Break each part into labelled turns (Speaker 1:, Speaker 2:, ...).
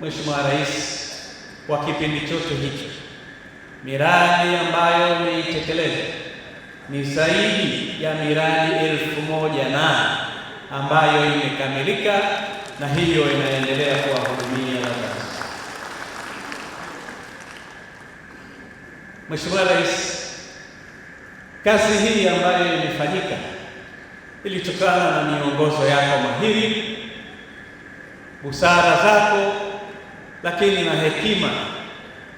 Speaker 1: Mheshimiwa Rais kwa kipindi chote hicho, miradi ambayo umeitekeleza ni zaidi ya miradi elfu moja na ambayo imekamilika na hiyo inaendelea kuwahudumia Watanzania. Mheshimiwa Rais, kazi hii ambayo imefanyika ilitokana na miongozo yako mahiri, busara zako lakini na hekima,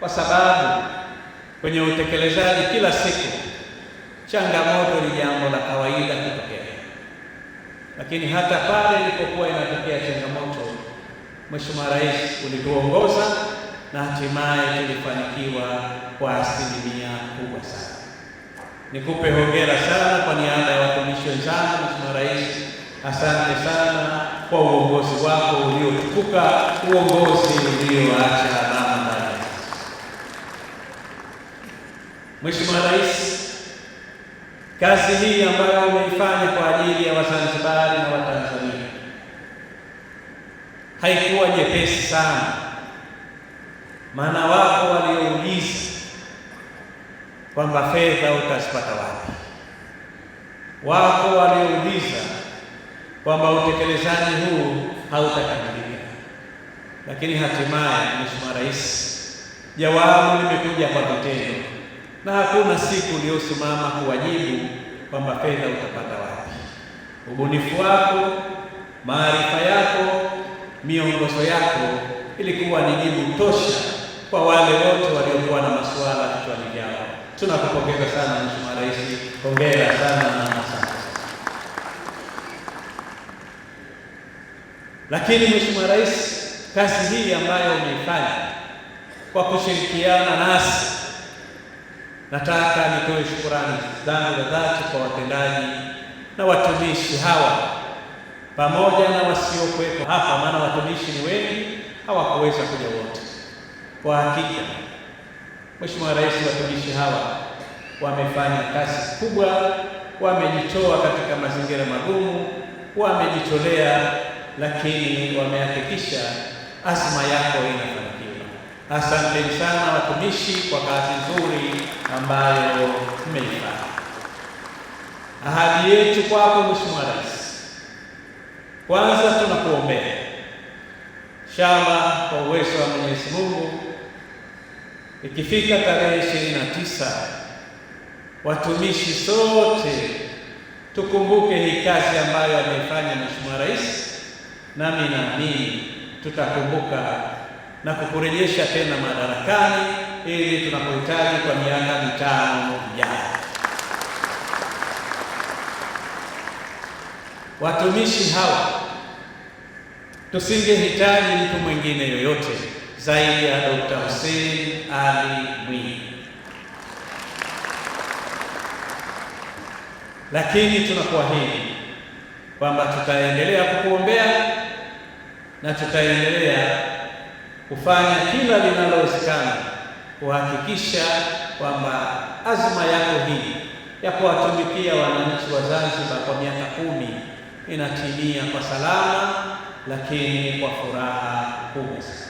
Speaker 1: kwa sababu kwenye utekelezaji kila siku changamoto ni jambo la kawaida kutokea. Lakini hata pale ilipokuwa inatokea changamoto, Mheshimiwa Rais, ulituongoza na hatimaye tulifanikiwa kwa asilimia kubwa sana. Nikupe hongera sana kwa niaba ya watumishi wenzangu, Mheshimiwa Rais, asante sana kwa uongozi wako uliotukuka, uongozi ulioacha alama ndani Mheshimiwa Rais, kazi hii ambayo umeifanya kwa ajili ya Wazanzibari na Watanzania haikuwa nyepesi sana, maana wako waliouliza kwamba fedha utazipata wapi, wako waliouliza kwamba utekelezaji huu hautakamilika, lakini hatimaye Mheshimiwa Rais, jawabu limekuja kwa vitendo, na hakuna siku uliyosimama kuwajibu kwamba fedha utapata wapi. Ubunifu wako, maarifa yako, miongozo yako ilikuwa ni jibu tosha kwa wale wote waliokuwa na masuala kichwani mwao. Tunakupongeza sana Mheshimiwa Rais, hongera sana. Lakini Mheshimiwa Rais, kazi hii ambayo umeifanya kwa kushirikiana nasi, nataka nitoe shukurani zangu za dhati kwa watendaji na watumishi hawa pamoja na wasiokuwepo hapa, maana watumishi ni wengi, hawakuweza kuja wote. Kwa hakika, Mheshimiwa Rais, watumishi hawa wamefanya kazi kubwa, wamejitoa katika mazingira magumu, wamejitolea lakini wamehakikisha azma yako inafanikiwa. Asanteni sana watumishi kwa kazi nzuri ambayo mmeifanya. Ahadi yetu kwako Mheshimiwa Rais, kwanza tunakuombea shama kwa uwezo wa Mwenyezi Mungu, ikifika tarehe ishirini na tisa watumishi sote tukumbuke hii kazi ambayo ameifanya Mheshimiwa Rais nami naamini tutakumbuka na kukurejesha tena madarakani ili tunapohitaji kwa miaka mitano ijayo. Watumishi hawa tusingehitaji mtu mwingine yoyote zaidi ya Dr. Hussein Ali Mwinyi, lakini tunakuahidi kwamba tutaendelea kukuombea na tutaendelea kufanya kila linalowezekana kuhakikisha kwamba azma yako hii ya kuwatumikia wananchi wa Zanzibar kwa miaka kumi inatimia kwa salama, lakini kwa furaha kubwa.